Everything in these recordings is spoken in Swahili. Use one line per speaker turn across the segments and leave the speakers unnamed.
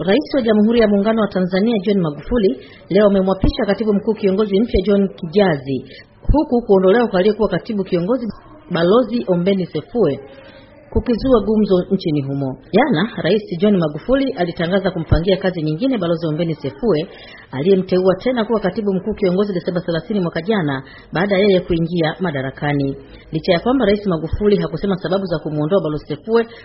Rais wa Jamhuri ya Muungano wa Tanzania John Magufuli leo amemwapisha katibu mkuu kiongozi mpya John Kijazi, huku kuondolewa kwa aliyekuwa katibu kiongozi Balozi Ombeni Sefue kukizua gumzo nchini humo. Jana Rais John Magufuli alitangaza kumpangia kazi nyingine Balozi Ombeni Sefue aliyemteua tena kuwa katibu mkuu kiongozi Desemba 30 mwaka jana, baada ya yeye kuingia madarakani licha ya kwamba Rais Magufuli hakusema sababu za kumwondoa Balozi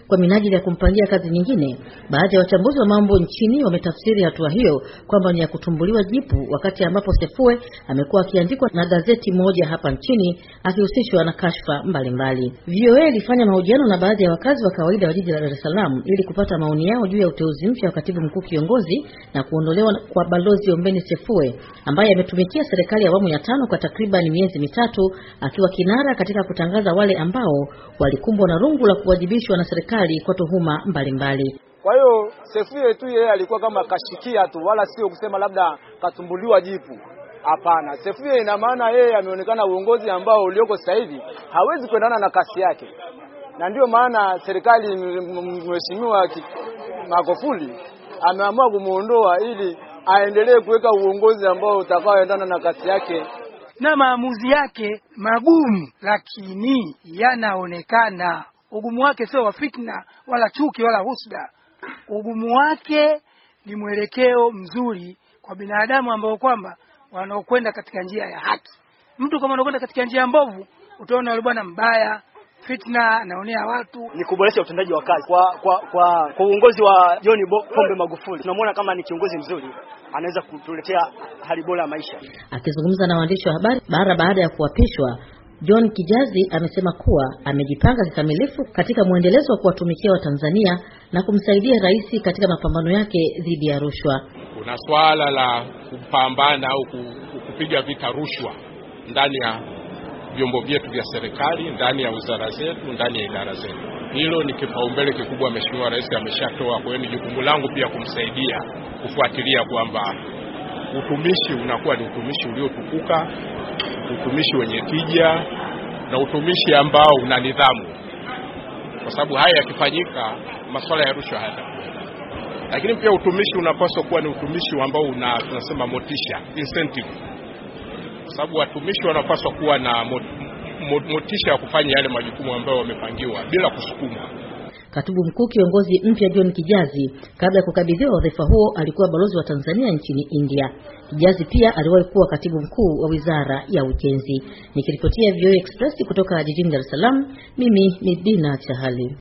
kwa minajili ya kumpangia kazi nyingine. Baadhi ya wachambuzi wa mambo nchini wametafsiri hatua hiyo kwamba ni ya kutumbuliwa jipu, wakati ambapo sefue amekuwa akiandikwa na gazeti moja hapa nchini akihusishwa na kashfa mbalimbali. VOA ilifanya mahojiano na baadhi ya wakazi wa kawaida wa jiji la Dar es Salaam ili kupata maoni yao juu ya uteuzi mpya wa katibu mkuu kiongozi na kuondolewa kwa Balozi Ombeni sefue ambaye ametumikia serikali ya awamu ya tano kwa takriban miezi mitatu akiwa kinara katika kutangaza wale ambao walikumbwa na rungu la kuwajibishwa na serikali kwa tuhuma mbalimbali.
Kwa hiyo sefue tu yeye alikuwa kama kashikia tu, wala sio kusema labda katumbuliwa jipu. Hapana, sefue ina maana yeye ameonekana uongozi ambao ulioko sasa hivi hawezi kuendana na kasi yake, na ndiyo maana serikali, mheshimiwa Magufuli ameamua kumuondoa ili aendelee kuweka uongozi ambao utakaoendana na kasi yake
na maamuzi yake magumu, lakini yanaonekana. Ugumu wake sio wa fitna wala chuki wala husda. Ugumu wake ni mwelekeo mzuri kwa binadamu ambao kwamba wanaokwenda katika njia ya haki. Mtu kama anakwenda katika njia mbovu, utaona yule bwana mbaya fitna,
naonea watu. Ni kuboresha utendaji wa kazi kwa kwa kwa, kwa uongozi wa John Pombe Magufuli. Tunamwona kama ni kiongozi mzuri, anaweza kutuletea hali bora ya maisha.
Akizungumza na waandishi wa habari mara baada ya kuapishwa John Kijazi amesema kuwa amejipanga kikamilifu katika mwendelezo wa kuwatumikia Watanzania na kumsaidia rais katika mapambano yake dhidi ya rushwa.
Kuna swala la kupambana au kupiga vita rushwa ndani ya vyombo vyetu vya serikali, ndani ya wizara zetu, ndani ya idara zetu. Hilo ni kipaumbele kikubwa, Mheshimiwa Rais ameshatoa. Kwa hiyo ni jukumu langu pia kumsaidia kufuatilia kwamba utumishi unakuwa ni utumishi uliotukuka, utumishi wenye tija na utumishi ambao una nidhamu, kwa sababu haya yakifanyika, masuala ya rushwa hayatakuwepo. Lakini pia utumishi unapaswa kuwa ni utumishi ambao una tunasema motisha, incentive kwa sababu watumishi wanapaswa kuwa na motisha ya kufanya yale majukumu ambayo wamepangiwa bila kusukumwa.
Katibu mkuu kiongozi mpya John Kijazi, kabla ya kukabidhiwa wadhifa huo, alikuwa balozi wa Tanzania nchini India. Kijazi pia aliwahi kuwa katibu mkuu wa wizara ya ujenzi. Nikiripotia VOA e Express kutoka jijini Dar es Salaam, mimi ni Dina Chahali.